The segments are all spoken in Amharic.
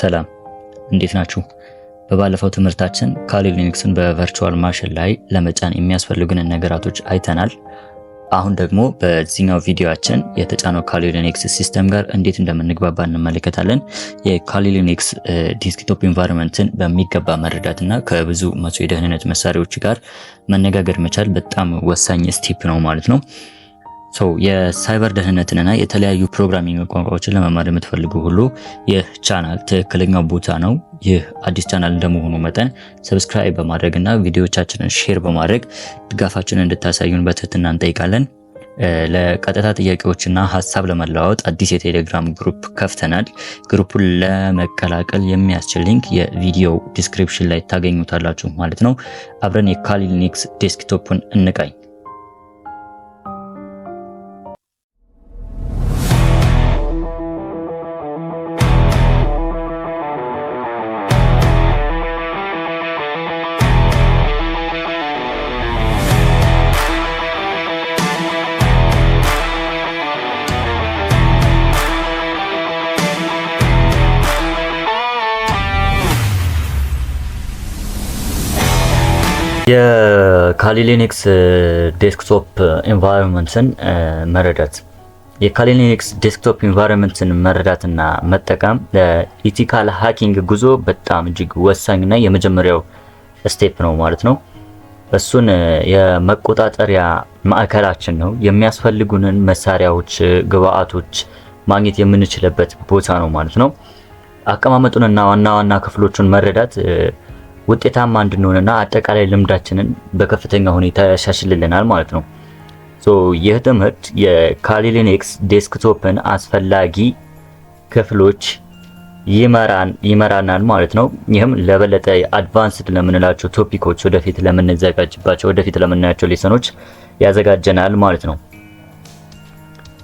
ሰላም እንዴት ናችሁ? በባለፈው ትምህርታችን ካሊ ሊኑክስን በቨርቹዋል ማሽን ላይ ለመጫን የሚያስፈልጉንን ነገራቶች አይተናል። አሁን ደግሞ በዚህኛው ቪዲዮአችን የተጫነው ካሊ ሲስተም ጋር እንዴት እንደምንግባባ እንመለከታለን። የካሊ ዲስክቶፕ ኢንቫይሮንመንትን በሚገባ መረዳት እና ከብዙ መቶ የደህንነት መሳሪያዎች ጋር መነጋገር መቻል በጣም ወሳኝ ስቴፕ ነው ማለት ነው። ሰው የሳይበር ደህንነትንና የተለያዩ ፕሮግራሚንግ ቋንቋዎችን ለመማር የምትፈልጉ ሁሉ ይህ ቻናል ትክክለኛው ቦታ ነው። ይህ አዲስ ቻናል እንደመሆኑ መጠን ሰብስክራይብ በማድረግና ቪዲዮቻችንን ሼር በማድረግ ድጋፋችንን እንድታሳዩን በትህትና እንጠይቃለን። ለቀጥታ ጥያቄዎችና ሀሳብ ለመለዋወጥ አዲስ የቴሌግራም ግሩፕ ከፍተናል። ግሩፑን ለመቀላቀል የሚያስችል ሊንክ የቪዲዮ ዲስክሪፕሽን ላይ ታገኙታላችሁ ማለት ነው። አብረን ሊኒክስ ዴስክቶፕን እንቃኝ። የካሊ ሊኒክስ ዴስክቶፕ ኢንቫይሮንመንትን መረዳት የካሊ ሊኒክስ ዴስክቶፕ ኢንቫይሮንመንትን መረዳትና መጠቀም ለኢቲካል ሃኪንግ ጉዞ በጣም እጅግ ወሳኝና የመጀመሪያው ስቴፕ ነው ማለት ነው። እሱን የመቆጣጠሪያ ማዕከላችን ነው። የሚያስፈልጉንን መሳሪያዎች፣ ግብአቶች ማግኘት የምንችልበት ቦታ ነው ማለት ነው። አቀማመጡንና ዋና ዋና ክፍሎቹን መረዳት ውጤታማ እንድንሆንና አጠቃላይ ልምዳችንን በከፍተኛ ሁኔታ ያሻሽልልናል ማለት ነው። ይህ ትምህርት የካሊ ዴስክቶፕን አስፈላጊ ክፍሎች ይመራናል ማለት ነው። ይህም ለበለጠ አድቫንስድ ለምንላቸው ቶፒኮች ወደፊት ለምንዘጋጅባቸው ወደፊት ለምናያቸው ሌሰኖች ያዘጋጀናል ማለት ነው።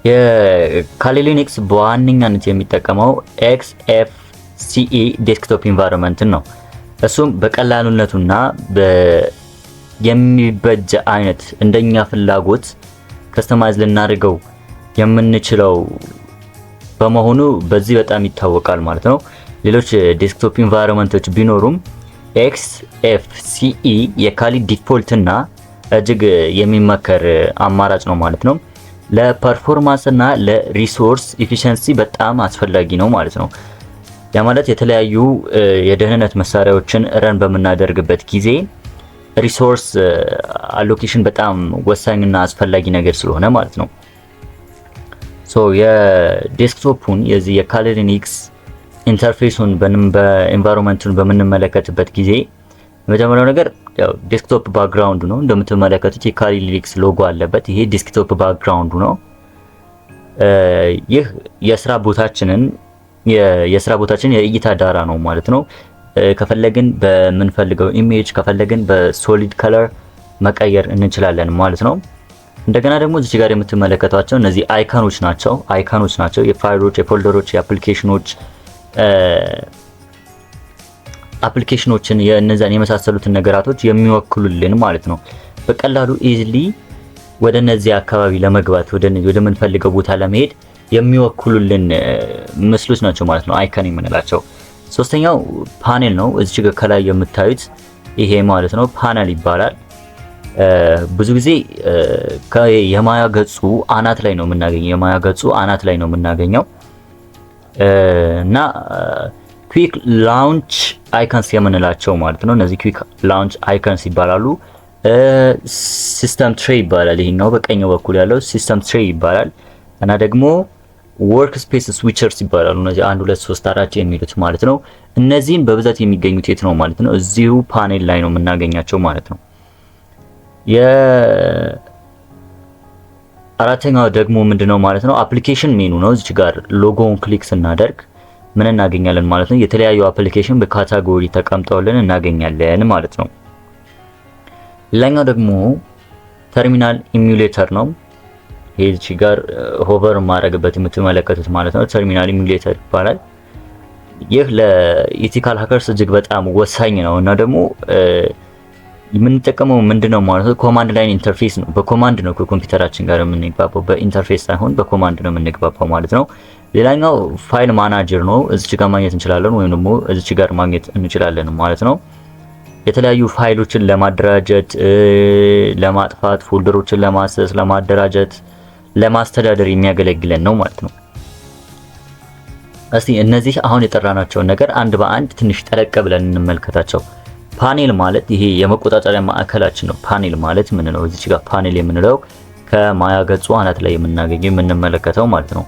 የካሊ ሊነክስ በዋነኛነት የሚጠቀመው ኤክስ ኤፍ ሲኢ ዴስክቶፕ ኢንቫይሮንመንትን ነው። እሱም በቀላሉነቱና የሚበጀ አይነት እንደኛ ፍላጎት ከስተማይዝ ልናደርገው የምንችለው በመሆኑ በዚህ በጣም ይታወቃል ማለት ነው። ሌሎች ዴስክቶፕ ኢንቫይሮንመንቶች ቢኖሩም ኤክስኤፍሲኢ e የካሊ ዲፎልት እና እጅግ የሚመከር አማራጭ ነው ማለት ነው። ለፐርፎርማንስ እና ለሪሶርስ ኢፊሸንሲ በጣም አስፈላጊ ነው ማለት ነው። ያ ማለት የተለያዩ የደህንነት መሳሪያዎችን ረን በምናደርግበት ጊዜ ሪሶርስ አሎኬሽን በጣም ወሳኝና አስፈላጊ ነገር ስለሆነ ማለት ነው። ሶ የዴስክቶፑን የዚህ የካሊኒክስ ኢንተርፌሱን በኤንቫይሮንመንቱን በምንመለከትበት ጊዜ የመጀመሪያው ነገር ያው ዴስክቶፕ ባክግራውንዱ ነው። እንደምትመለከቱት የካሊኒክስ ሎጎ አለበት። ይሄ ዴስክቶፕ ባክግራውንዱ ነው። ይህ የስራ ቦታችንን የስራ ቦታችን የእይታ ዳራ ነው ማለት ነው። ከፈለግን በምንፈልገው ኢሜጅ ከፈለግን በሶሊድ ከለር መቀየር እንችላለን ማለት ነው። እንደገና ደግሞ እዚህ ጋር የምትመለከቷቸው እነዚህ አይካኖች ናቸው። አይካኖች ናቸው የፋይሎች፣ የፎልደሮች፣ የአፕሊኬሽኖች አፕሊኬሽኖችን የእነዚያን የመሳሰሉትን ነገራቶች የሚወክሉልን ማለት ነው። በቀላሉ ኢዝሊ ወደ እነዚህ አካባቢ ለመግባት ወደ ወደምንፈልገው ቦታ ለመሄድ የሚወክሉልን ምስሎች ናቸው ማለት ነው፣ አይከን የምንላቸው። ሶስተኛው ፓኔል ነው። እዚህ ጋር ከላይ የምታዩት ይሄ ማለት ነው ፓነል ይባላል። ብዙ ጊዜ የማያ ገጹ አናት ላይ ነው የምናገኘው። የማያ ገጹ አናት ላይ ነው የምናገኘው እና ኩዊክ ላውንች አይከንስ የምንላቸው ማለት ነው። እነዚህ ኩዊክ ላውንች አይከንስ ይባላሉ። ሲስተም ትሬ ይባላል። ይሄኛው በቀኝ በኩል ያለው ሲስተም ትሬ ይባላል እና ደግሞ ወርክ ስፔስ ስዊቸርስ ይባላሉ። እነዚህ አንድ ሁለት ሶስት አራት የሚሉት ማለት ነው። እነዚህን በብዛት የሚገኙት የት ነው ማለት ነው? እዚሁ ፓኔል ላይ ነው የምናገኛቸው ማለት ነው። የአራተኛው ደግሞ ምንድነው ማለት ነው? አፕሊኬሽን ሜኑ ነው። እዚች ጋር ሎጎውን ክሊክ ስናደርግ ምን እናገኛለን ማለት ነው? የተለያዩ አፕሊኬሽን በካታጎሪ ተቀምጠውልን እናገኛለን ማለት ነው። ሌላኛው ደግሞ ተርሚናል ኢሙሌተር ነው። ሄልቺ ጋር ሆቨር ማድረግበት የምትመለከቱት ማለት ነው። ተርሚናል ኢሚሌተር ይባላል። ይህ ለኢቲካል ሀከርስ እጅግ በጣም ወሳኝ ነው እና ደግሞ የምንጠቀመው ምንድነው ማለት ነው ኮማንድ ላይን ኢንተርፌስ ነው። በኮማንድ ነው ከኮምፒውተራችን ጋር የምንግባባው በኢንተርፌስ ሳይሆን በኮማንድ ነው የምንግባባው ማለት ነው። ሌላኛው ፋይል ማናጀር ነው። እዚች ጋር ማግኘት እንችላለን ወይም ደግሞ እዚች ጋር ማግኘት እንችላለን ማለት ነው። የተለያዩ ፋይሎችን ለማደራጀት፣ ለማጥፋት፣ ፎልደሮችን ለማሰስ፣ ለማደራጀት ለማስተዳደር የሚያገለግለን ነው ማለት ነው። እስቲ እነዚህ አሁን የጠራናቸውን ነገር አንድ በአንድ ትንሽ ጠለቅ ብለን እንመልከታቸው። ፓኔል ማለት ይሄ የመቆጣጠሪያ ማዕከላችን ነው። ፓኔል ማለት ምን ነው? እዚች ጋር ፓኔል የምንለው ከማያ ገጹ አናት ላይ የምናገኘው የምንመለከተው ማለት ነው።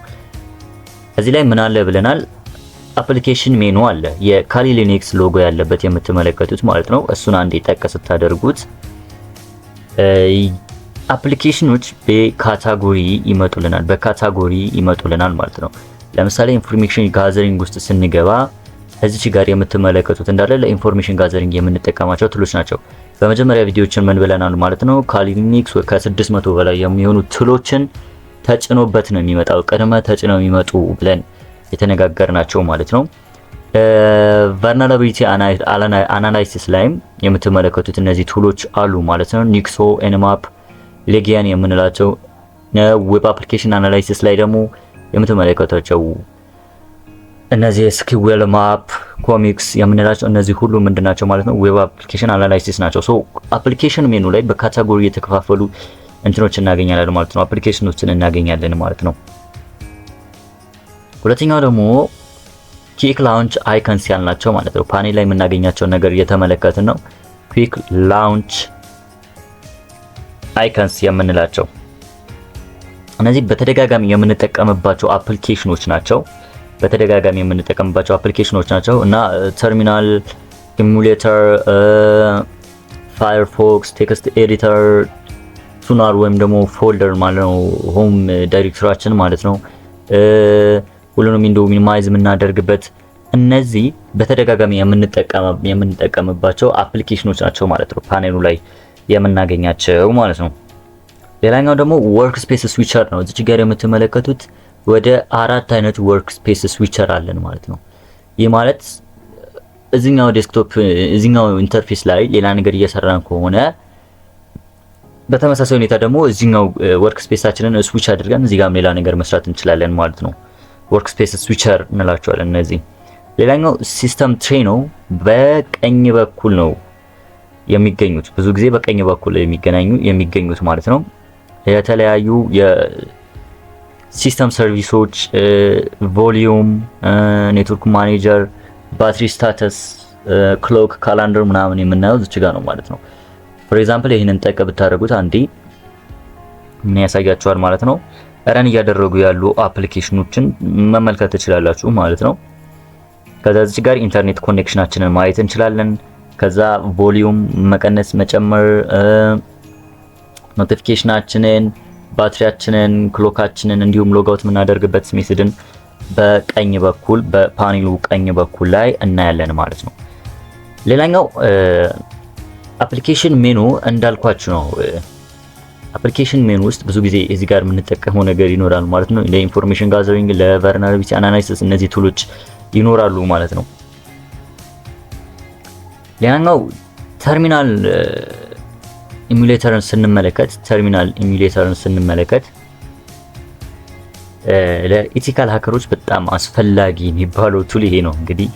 እዚህ ላይ ምን አለ ብለናል? አፕሊኬሽን ሜኑ አለ። የካሊ ሊኒክስ ሎጎ ያለበት የምትመለከቱት ማለት ነው። እሱን አንዴ ጠቅ ስታደርጉት አፕሊኬሽኖች በካታጎሪ ይመጡልናል በካታጎሪ ይመጡልናል ማለት ነው። ለምሳሌ ኢንፎርሜሽን ጋዘሪንግ ውስጥ ስንገባ እዚች ጋር የምትመለከቱት እንዳለ ለኢንፎርሜሽን ጋዘሪንግ የምንጠቀማቸው ትሎች ናቸው። በመጀመሪያ ቪዲዮችን ምን ብለናል ማለት ነው። ካሊኒክስ ከ600 በላይ የሚሆኑ ትሎችን ተጭኖበት ነው የሚመጣው። ቅድመ ተጭነው የሚመጡ ብለን የተነጋገር ናቸው ማለት ነው። ቫልነራቢሊቲ አናላይሲስ ላይም የምትመለከቱት እነዚህ ቱሎች አሉ ማለት ነው። ኒክሶ ኤንማፕ ሌጊያን የምንላቸው ዌብ አፕሊኬሽን አናላይሲስ ላይ ደግሞ የምትመለከታቸው እነዚህ ስኪዌል ማፕ ኮሚክስ የምንላቸው እነዚህ ሁሉ ምንድናቸው ማለት ነው? ዌብ አፕሊኬሽን አናላይሲስ ናቸው። ሶ አፕሊኬሽን ሜኑ ላይ በካታጎሪ የተከፋፈሉ እንትኖች እናገኛለን ማለት ነው። አፕሊኬሽኖችን እናገኛለን ማለት ነው። ሁለተኛው ደግሞ ኩዊክ ላውንች አይከንስ ያልናቸው ማለት ነው። ፓኔል ላይ የምናገኛቸውን ነገር እየተመለከትን ነው። ኩዊክ ላውንች አይከንስ የምንላቸው እነዚህ በተደጋጋሚ የምንጠቀምባቸው አፕሊኬሽኖች ናቸው። በተደጋጋሚ የምንጠቀምባቸው አፕሊኬሽኖች ናቸው እና ተርሚናል፣ ኢሙሌተር፣ ፋየርፎክስ፣ ቴክስት ኤዲተር፣ ሱናር ወይም ደግሞ ፎልደር ማለት ነው፣ ሆም ዳይሬክተራችን ማለት ነው። ሁሉንም ዊንዶ ሚኒማይዝ የምናደርግበት እነዚህ በተደጋጋሚ የምንጠቀምባቸው አፕሊኬሽኖች ናቸው ማለት ነው ፓኔሉ ላይ የምናገኛቸው ማለት ነው። ሌላኛው ደግሞ ወርክ ስፔስ ስዊቸር ነው። እዚች ጋር የምትመለከቱት ወደ አራት አይነት ወርክ ስፔስ ስዊቸር አለን ማለት ነው። ይህ ማለት እዚኛው ዴስክቶፕ እዚኛው ኢንተርፌስ ላይ ሌላ ነገር እየሰራን ከሆነ በተመሳሳይ ሁኔታ ደግሞ እዚኛው ወርክ ስፔሳችንን ስዊች አድርገን እዚህ ጋም ሌላ ነገር መስራት እንችላለን ማለት ነው። ወርክ ስፔስ ስዊቸር እንላቸዋለን እነዚህ። ሌላኛው ሲስተም ትሬ ነው። በቀኝ በኩል ነው የሚገኙት ብዙ ጊዜ በቀኝ በኩል የሚገናኙ የሚገኙት ማለት ነው። የተለያዩ የሲስተም ሰርቪሶች፣ ቮሊዩም፣ ኔትወርክ ማኔጀር፣ ባትሪ ስታተስ፣ ክሎክ፣ ካላንደር ምናምን የምናየው እዚች ጋ ነው ማለት ነው። ፎር ኤግዛምፕል ይህንን ጠቅ ብታደርጉት አንዴ ምን ያሳያችኋል ማለት ነው። ረን እያደረጉ ያሉ አፕሊኬሽኖችን መመልከት ትችላላችሁ ማለት ነው። ከዛ እዚህ ጋር ኢንተርኔት ኮኔክሽናችንን ማየት እንችላለን። ከዛ ቮሊዩም መቀነስ መጨመር፣ ኖቲፊኬሽናችንን፣ ባትሪያችንን፣ ክሎካችንን እንዲሁም ሎጋውት የምናደርግበት ሜትድን በቀኝ በኩል በፓኔሉ ቀኝ በኩል ላይ እናያለን ማለት ነው። ሌላኛው አፕሊኬሽን ሜኑ እንዳልኳችሁ ነው። አፕሊኬሽን ሜኑ ውስጥ ብዙ ጊዜ እዚህ ጋር የምንጠቀመው ነገር ይኖራል ማለት ነው። ለኢንፎርሜሽን ጋዘሪንግ፣ ለቨርናቢሊቲ አናላይሲስ እነዚህ ቱሎች ይኖራሉ ማለት ነው። ሌላኛው ተርሚናል ኢሙሌተርን ስንመለከት ተርሚናል ኢሙሌተርን ስንመለከት ለኢቲካል ሀከሮች በጣም አስፈላጊ የሚባለው ቱል ይሄ ነው። እንግዲህ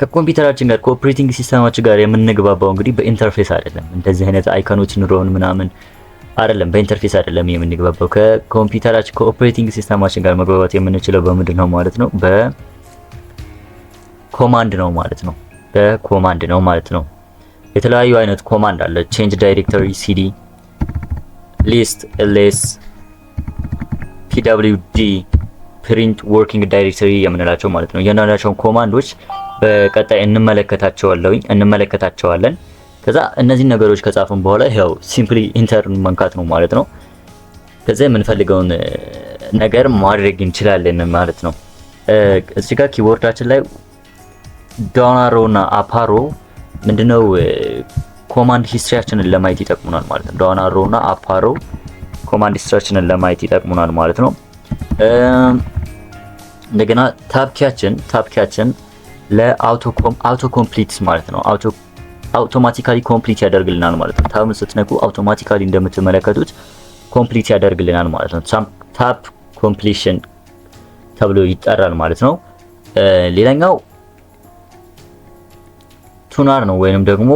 ከኮምፒውተራችን ጋር ከኦፕሬቲንግ ሲስተማችን ጋር የምንግባባው እንግዲህ በኢንተርፌስ አይደለም። እንደዚህ አይነት አይኮኖች ኑሮን ምናምን አይደለም፣ በኢንተርፌስ አይደለም የምንግባባው። ከኮምፒውተራችን ከኦፕሬቲንግ ሲስተማችን ጋር መግባባት የምንችለው በምንድን ነው ማለት ነው በ ኮማንድ ነው ማለት ነው። በኮማንድ ነው ማለት ነው። የተለያዩ አይነት ኮማንድ አለ። ቼንጅ ዳይሬክተሪ ሲዲ ሊስት ኤልኤስ pwd ፕሪንት ወርኪንግ ዳይሬክተሪ የምንላቸው ማለት ነው። እያንዳንዳቸውን ኮማንዶች በቀጣይ እንመለከታቸዋለን እንመለከታቸዋለን። ከዛ እነዚህን ነገሮች ከጻፍን በኋላ ያው ሲምፕሊ ኢንተር መንካት ነው ማለት ነው። ከዛ የምንፈልገውን ነገር ማድረግ እንችላለን ማለት ነው። እዚህ ጋር ኪቦርዳችን ላይ ዶናሮ እና አፓሮ ምንድነው ኮማንድ ሂስትሪያችንን ለማየት ይጠቅሙናል ማለት ነው። ዶናሮ እና አፓሮ ኮማንድ ሂስትሪያችንን ለማየት ይጠቅሙናል ማለት ነው። እንደገና ታብኪያችን ታብኪያችን ለአውቶኮም አውቶ ኮምፕሊት ማለት ነው። አውቶ አውቶማቲካሊ ኮምፕሊት ያደርግልናል ማለት ነው። ታብን ስትነኩ አውቶማቲካሊ እንደምትመለከቱት ኮምፕሊት ያደርግልናል ማለት ነው። ታፕ ኮምፕሊሽን ተብሎ ይጠራል ማለት ነው። ሌላኛው ቱናር ነው ወይንም ደግሞ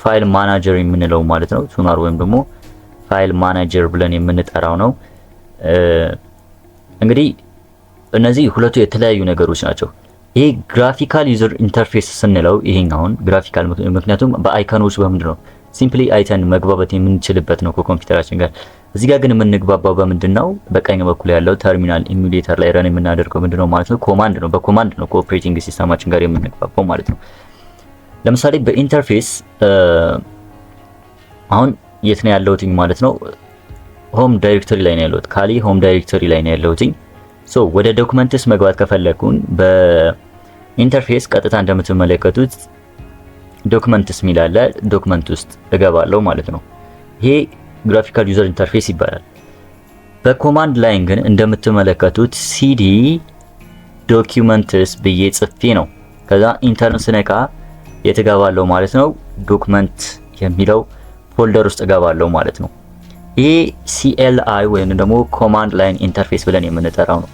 ፋይል ማናጀር የምንለው ማለት ነው። ቱናር ወይም ደግሞ ፋይል ማናጀር ብለን የምንጠራው ነው። እንግዲህ እነዚህ ሁለቱ የተለያዩ ነገሮች ናቸው። ይሄ ግራፊካል ዩዘር ኢንተርፌስ ስንለው ይሄን አሁን ግራፊካል ምክንያቱም በአይከኖች በምንድን ነው ሲምፕሊ አይተን መግባባት የምንችልበት ነው ከኮምፒውተራችን ጋር። እዚህ ጋር ግን የምንግባባው በምንድን ነው? በቀኝ በኩል ያለው ተርሚናል ኢሚሌተር ላይ ረን የምናደርገው ምንድን ነው ማለት ነው ኮማንድ ነው። በኮማንድ ነው ከኦፕሬቲንግ ሲስተማችን ጋር የምንግባባው ማለት ነው። ለምሳሌ በኢንተርፌስ አሁን የት ነው ያለሁትኝ ማለት ነው። ሆም ዳይሬክቶሪ ላይ ነው ያለሁት። ካሊ ሆም ዳይሬክቶሪ ላይ ነው ያለሁትኝ። ሶ ወደ ዶክመንትስ መግባት ከፈለግኩን በኢንተርፌስ ቀጥታ እንደምትመለከቱት ዶክመንትስ የሚላለ ዶክመንት ውስጥ እገባለሁ ማለት ነው። ይሄ ግራፊካል ዩዘር ኢንተርፌስ ይባላል። በኮማንድ ላይን ግን እንደምትመለከቱት ሲዲ ዶክመንትስ ብዬ ጽፌ ነው ከዛ ኢንተርን ስነካ የት እገባለሁ ማለት ነው ዶክመንት የሚለው ፎልደር ውስጥ እገባለሁ ማለት ነው። ይሄ CLI ወይም ደግሞ ኮማንድ ላይን ኢንተርፌስ ብለን የምንጠራው ነው።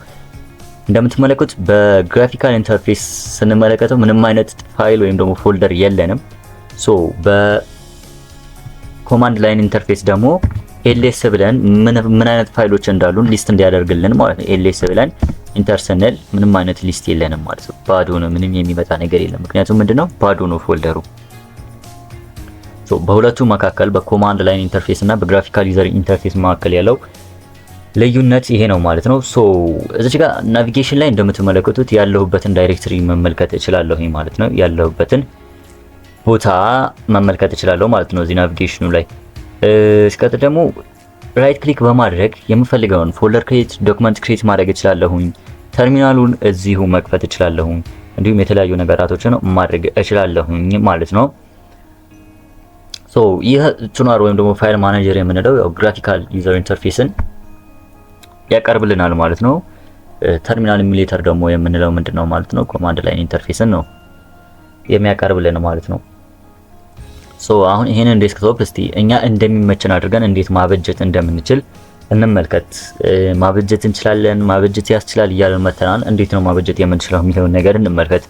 እንደምትመለከቱት በግራፊካል ኢንተርፌስ ስንመለከተው ምንም አይነት ፋይል ወይም ደግሞ ፎልደር የለንም። ሶ በኮማንድ ላይን ኢንተርፌስ ደግሞ ኤልኤስ ብለን ምን አይነት ፋይሎች እንዳሉን ሊስት እንዲያደርግልን ማለት ነው ኤልኤስ ብለን ኢንተር ስንል ምንም አይነት ሊስት የለንም ማለት ነው። ባዶ ነው፣ ምንም የሚመጣ ነገር የለም። ምክንያቱም ምንድነው ባዶ ነው ፎልደሩ። በሁለቱ መካከል በኮማንድ ላይን ኢንተርፌስ እና በግራፊካል ዩዘር ኢንተርፌስ መካከል ያለው ልዩነት ይሄ ነው ማለት ነው። ሶ እዚች ጋር ናቪጌሽን ላይ እንደምትመለከቱት ያለሁበትን ዳይሬክተሪ መመልከት እችላለሁ ማለት ነው። ያለሁበትን ቦታ መመልከት እችላለሁ ማለት ነው እዚህ ናቪጌሽኑ ላይ። ሲቀጥል ደግሞ ራይት ክሊክ በማድረግ የምፈልገውን ፎልደር ክሬት ዶክመንት ክሬት ማድረግ እችላለሁኝ። ተርሚናሉን እዚሁ መክፈት እችላለሁኝ። እንዲሁም የተለያዩ ነገራቶችን ማድረግ እችላለሁኝ ማለት ነው። ሶ ይህ ቹናር ወይም ደግሞ ፋይል ማኔጀር የምንለው ያው ግራፊካል ዩዘር ኢንተርፌስን ያቀርብልናል ማለት ነው። ተርሚናል ኢሚሌተር ደግሞ የምንለው ምንድነው ማለት ነው? ኮማንድ ላይን ኢንተርፌስን ነው የሚያቀርብልን ማለት ነው። ሶ አሁን ይሄንን ዴስክቶፕ እስቲ እኛ እንደሚመችን አድርገን እንዴት ማበጀት እንደምንችል እንመልከት። ማበጀት እንችላለን፣ ማበጀት ያስችላል እያለን መተናል። እንዴት ነው ማበጀት የምንችለው የሚለውን ነገር እንመልከት።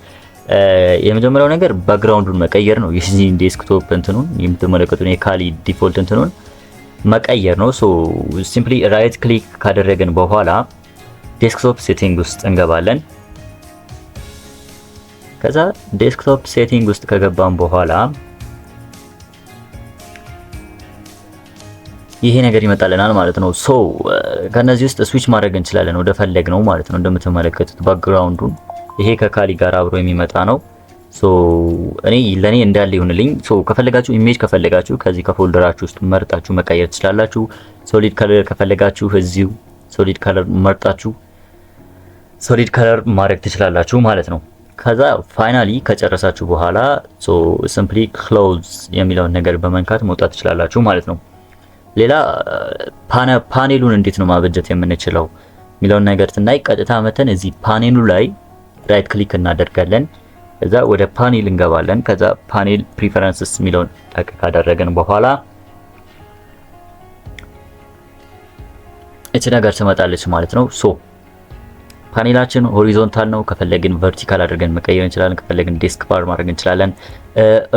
የመጀመሪያው ነገር ባክግራውንዱን መቀየር ነው። የዚህ ዴስክቶፕ እንትኑን የምትመለከቱን የካሊ ዲፎልት እንትኑን መቀየር ነው። ሶ ሲምፕሊ ራይት ክሊክ ካደረግን በኋላ ዴስክቶፕ ሴቲንግ ውስጥ እንገባለን። ከዛ ዴስክቶፕ ሴቲንግ ውስጥ ከገባን በኋላ ይሄ ነገር ይመጣልናል ማለት ነው። ሶ ከነዚህ ውስጥ ስዊች ማድረግ እንችላለን ወደ ፈለግ ነው ማለት ነው። እንደምትመለከቱት ባክግራውንዱን ይሄ ከካሊ ጋር አብሮ የሚመጣ ነው። ሶ እኔ ለኔ እንዳለ ይሁንልኝ። ሶ ከፈለጋችሁ ኢሜጅ ከፈለጋችሁ ከዚህ ከፎልደራችሁ ውስጥ መርጣችሁ መቀየር ትችላላችሁ። ሶሊድ ከለር ከፈለጋችሁ እዚሁ ሶሊድ ከለር መርጣችሁ ሶሊድ ከለር ማድረግ ትችላላችሁ ማለት ነው። ከዛ ፋይናሊ ከጨረሳችሁ በኋላ ሶ ሲምፕሊ ክሎዝ የሚለውን ነገር በመንካት መውጣት ትችላላችሁ ማለት ነው። ሌላ ፓኔሉን እንዴት ነው ማበጀት የምንችለው የሚለውን ነገር ስናይ ቀጥታ መተን እዚህ ፓኔሉ ላይ ራይት ክሊክ እናደርጋለን። ከዛ ወደ ፓኔል እንገባለን። ከዛ ፓኔል ፕሪፈረንስስ የሚለውን ጠቅ ካደረግን በኋላ እች ነገር ትመጣለች ማለት ነው ሶ ፓኔላችን ሆሪዞንታል ነው። ከፈለግን ቨርቲካል አድርገን መቀየር እንችላለን። ከፈለግን ዴስክ ባር ማድረግ እንችላለን።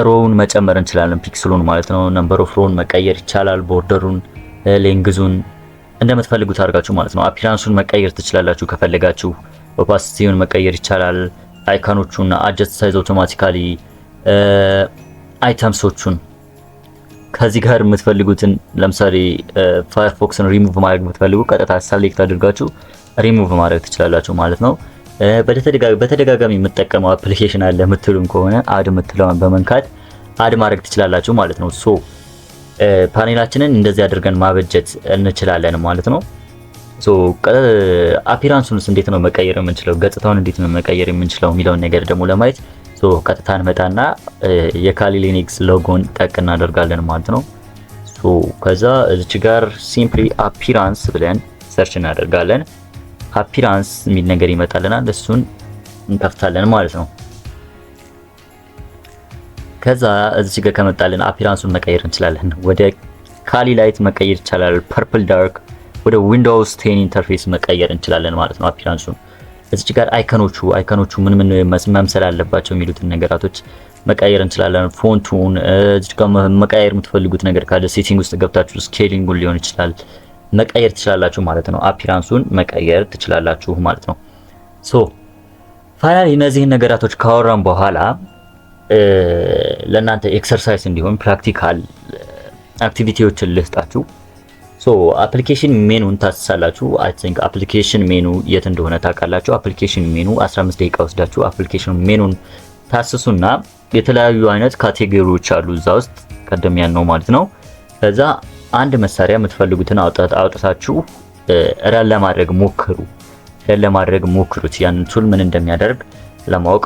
ሮውን መጨመር እንችላለን፣ ፒክስሉን ማለት ነው። ነምበር ኦፍ ሮውን መቀየር ይቻላል። ቦርደሩን፣ ሌንግዙን እንደምትፈልጉት አድርጋችሁ ማለት ነው። አፒራንሱን መቀየር ትችላላችሁ ከፈለጋችሁ። ኦፓሲቲውን መቀየር ይቻላል። አይኮኖቹና አጀስት ሳይዝ አውቶማቲካሊ አይተምሶቹን ከዚህ ጋር የምትፈልጉትን ለምሳሌ ፋየርፎክስን ሪሙቭ ማድረግ የምትፈልጉ ቀጥታ ሰሌክት አድርጋችሁ ሪሙቭ ማድረግ ትችላላችሁ ማለት ነው። በተደጋጋሚ የምጠቀመው አፕሊኬሽን አለ የምትሉም ከሆነ አድ የምትለውን በመንካት አድ ማድረግ ትችላላችሁ ማለት ነው። ሶ ፓኔላችንን እንደዚህ አድርገን ማበጀት እንችላለን ማለት ነው። ሶ አፒራንሱንስ እንዴት ነው መቀየር የምንችለው፣ ገጽታውን እንዴት ነው መቀየር የምንችለው የሚለውን ነገር ደግሞ ለማየት ሶ ቀጥታ እንመጣና የካሊ ሊኒክስ ሎጎን ጠቅ እናደርጋለን ማለት ነው። ሶ ከዛ እዚች ጋር ሲምፕሊ አፒራንስ ብለን ሰርች እናደርጋለን። አፒራንስ የሚል ነገር ይመጣልናል። እሱን እንከፍታለን ማለት ነው። ከዛ እዚህ ጋር ከመጣልን አፒራንሱን መቀየር እንችላለን። ወደ ካሊ ላይት መቀየር ይቻላል። ፐርፕል ዳርክ፣ ወደ ዊንዶውስ ቴን ኢንተርፌስ መቀየር እንችላለን ማለት ነው አፒራንሱን። እዚህ ጋር አይከኖቹ አይከኖቹ ምን ምን መምሰል አለባቸው የሚሉትን ነገራቶች መቀየር እንችላለን። ፎንቱን እዚህ ጋር መቀየር የምትፈልጉት ነገር ካለ ሴቲንግ ውስጥ ገብታችሁ ስኬሊንጉን ሊሆን ይችላል መቀየር ትችላላችሁ ማለት ነው። አፒራንሱን መቀየር ትችላላችሁ ማለት ነው። ሶ ፋይናል እነዚህን ነገራቶች ካወራን በኋላ ለእናንተ ኤክሰርሳይዝ እንዲሆን ፕራክቲካል አክቲቪቲዎችን ልስጣችሁ። ሶ አፕሊኬሽን ሜኑን ታስሳላችሁ። አይ ቲንክ አፕሊኬሽን ሜኑ የት እንደሆነ ታውቃላችሁ። አፕሊኬሽን ሜኑ 15 ደቂቃ ወስዳችሁ አፕሊኬሽን ሜኑን ታስሱና የተለያዩ አይነት ካቴጎሪዎች አሉ እዛ ውስጥ ቀደም ነው ማለት ነው። ከዛ አንድ መሳሪያ የምትፈልጉትን አውጥታችሁ ረን ለማድረግ ሞክሩ። ረን ለማድረግ ሞክሩት። ያንን ቱል ምን እንደሚያደርግ ለማወቅ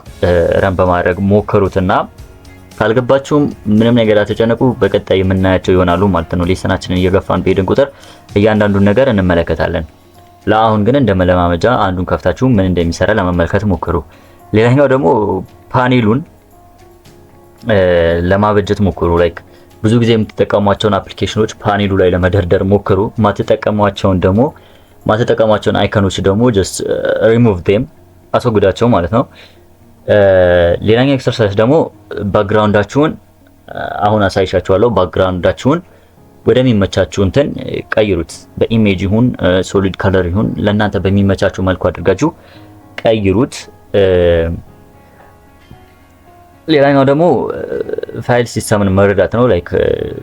ረን በማድረግ ሞክሩትና ካልገባችሁም ምንም ነገር አትጨነቁ። በቀጣይ የምናያቸው ይሆናሉ ማለት ነው። ሌሰናችንን እየገፋን በሄድን ቁጥር እያንዳንዱን ነገር እንመለከታለን። ለአሁን ግን እንደ መለማመጃ አንዱን ከፍታችሁ ምን እንደሚሰራ ለመመልከት ሞክሩ። ሌላኛው ደግሞ ፓኔሉን ለማበጀት ሞክሩ። ላይክ ብዙ ጊዜ የምትጠቀሟቸውን አፕሊኬሽኖች ፓኔሉ ላይ ለመደርደር ሞክሩ። ማትጠቀሟቸውን ደግሞ ማትጠቀሟቸውን አይከኖች ደግሞ ጀስት ሪሙቭ ዴም አስወግዳቸው ማለት ነው። uh, ሌላኛው ኤክሰርሳይዝ ደግሞ ባክግራውንዳችሁን uh, አሁን አሳይሻችኋለሁ። ባክግራውንዳችሁን ወደሚመቻችሁ እንትን ቀይሩት። በኢሜጅ ይሁን ሶሊድ uh, ከለር ይሁን ለእናንተ በሚመቻችሁ መልኩ አድርጋችሁ ቀይሩት። ሌላኛው ደግሞ ፋይል ሲስተምን መረዳት ነው። ላይክ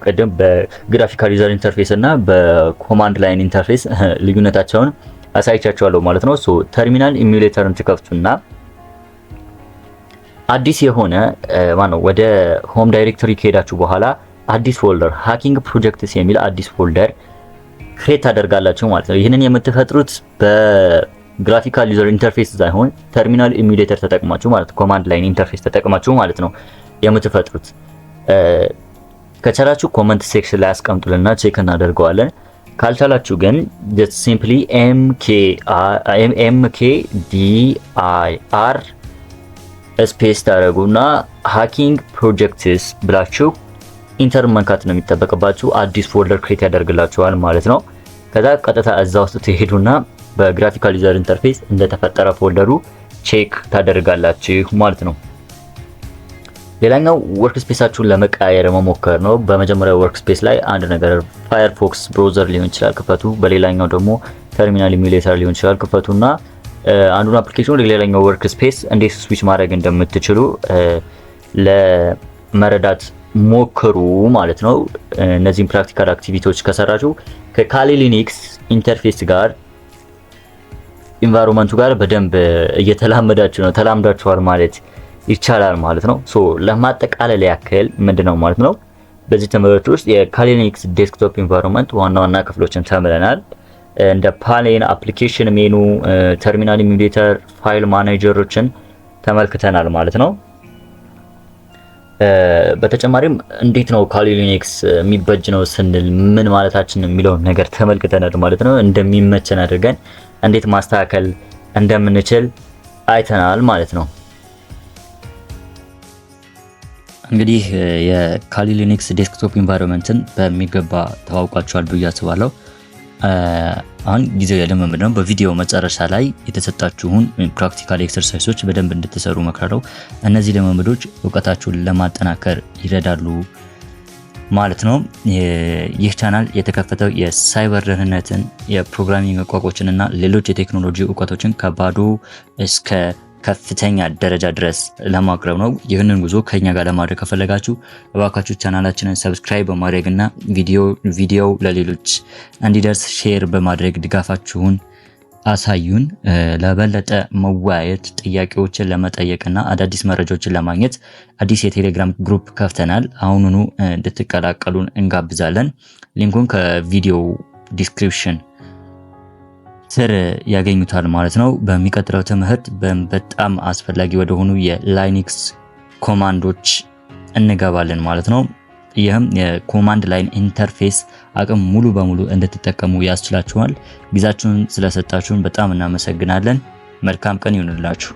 ቀደም በግራፊካል ዩዘር ኢንተርፌስ እና በኮማንድ ላይን ኢንተርፌስ ልዩነታቸውን አሳይቻቸዋለሁ ማለት ነው። ሶ ተርሚናል ኢሚሌተርን ትከፍቱና አዲስ የሆነ ማነው ወደ ሆም ዳይሬክቶሪ ከሄዳችሁ በኋላ አዲስ ፎልደር ሃኪንግ ፕሮጀክትስ የሚል አዲስ ፎልደር ክሬት ታደርጋላችሁ ማለት ነው። ይህንን የምትፈጥሩት በግራፊካል ዩዘር ኢንተርፌስ ሳይሆን ተርሚናል ኢሚሌተር ተጠቅማችሁ ማለት ኮማንድ ላይን ኢንተርፌስ ተጠቅማችሁ ማለት ነው። የምትፈጥሩት። ከቻላችሁ ኮመንት ሴክሽን ላይ አስቀምጡልና ቼክ እናደርገዋለን። ካልቻላችሁ ግን ጀስት ሲምፕሊ ኤምኬ ዲአይአር ስፔስ ታደረጉና ሃኪንግ ፕሮጀክትስ ብላችሁ ኢንተር መንካት ነው የሚጠበቅባችሁ። አዲስ ፎልደር ክሬት ያደርግላችኋል ማለት ነው። ከዛ ቀጥታ እዛ ውስጥ ትሄዱና በግራፊካል ዩዘር ኢንተርፌስ እንደተፈጠረ ፎልደሩ ቼክ ታደርጋላችሁ ማለት ነው። ሌላኛው ወርክ ስፔሳችሁን ለመቀያየር መሞከር ነው። በመጀመሪያው ወርክ ስፔስ ላይ አንድ ነገር ፋየርፎክስ ብሮዘር ሊሆን ይችላል ክፈቱ፣ በሌላኛው ደግሞ ተርሚናል ኢሚሌተር ሊሆን ይችላል ክፈቱና አንዱን አፕሊኬሽን ወደ ሌላኛው ወርክ ስፔስ እንዴት ስዊች ማድረግ እንደምትችሉ ለመረዳት ሞክሩ ማለት ነው። እነዚህን ፕራክቲካል አክቲቪቲዎች ከሰራችሁ ከካሊ ሊኒክስ ኢንተርፌስ ጋር ኢንቫይሮንመንቱ ጋር በደንብ እየተላመዳችሁ ነው፣ ተላምዳችኋል ማለት ይቻላል ማለት ነው። ሶ ለማጠቃለል ያክል ምንድነው ማለት ነው በዚህ ትምህርት ውስጥ የካሊኒክስ ዴስክቶፕ ኢንቫይሮንመንት ዋና ዋና ክፍሎችን ተምረናል። እንደ ፓሌን፣ አፕሊኬሽን ሜኑ፣ ተርሚናል ኢሙሌተር፣ ፋይል ማኔጀሮችን ተመልክተናል ማለት ነው። በተጨማሪም እንዴት ነው ካሊ ሊነክስ የሚበጅ ነው ስንል ምን ማለታችን የሚለውን ነገር ተመልክተናል ማለት ነው። እንደሚመቸን አድርገን እንዴት ማስተካከል እንደምንችል አይተናል ማለት ነው። እንግዲህ የካሊ ሊኒክስ ዴስክቶፕ ኢንቫይሮንመንትን በሚገባ ተዋውቋቸዋል ብዬ አስባለሁ። አሁን ጊዜው የልምምድ ነው። በቪዲዮ መጨረሻ ላይ የተሰጣችሁን ፕራክቲካል ኤክሰርሳይሶች በደንብ እንድትሰሩ መክራለሁ። እነዚህ ልምምዶች እውቀታችሁን ለማጠናከር ይረዳሉ ማለት ነው። ይህ ቻናል የተከፈተው የሳይበር ደህንነትን፣ የፕሮግራሚንግ ቋንቋዎችን እና ሌሎች የቴክኖሎጂ እውቀቶችን ከባዶ እስከ ከፍተኛ ደረጃ ድረስ ለማቅረብ ነው። ይህንን ጉዞ ከኛ ጋር ለማድረግ ከፈለጋችሁ እባካችሁ ቻናላችንን ሰብስክራይብ በማድረግ እና ቪዲዮ ለሌሎች እንዲደርስ ሼር በማድረግ ድጋፋችሁን አሳዩን። ለበለጠ መወያየት፣ ጥያቄዎችን ለመጠየቅና አዳዲስ መረጃዎችን ለማግኘት አዲስ የቴሌግራም ግሩፕ ከፍተናል። አሁኑኑ እንድትቀላቀሉን እንጋብዛለን። ሊንኩን ከቪዲዮ ዲስክሪፕሽን ስር ያገኙታል ማለት ነው። በሚቀጥለው ትምህርት በጣም አስፈላጊ ወደሆኑ የላይኒክስ ኮማንዶች እንገባለን ማለት ነው። ይህም የኮማንድ ላይን ኢንተርፌስ አቅም ሙሉ በሙሉ እንድትጠቀሙ ያስችላችኋል። ጊዜያችሁን ስለሰጣችሁን በጣም እናመሰግናለን። መልካም ቀን ይሁንላችሁ።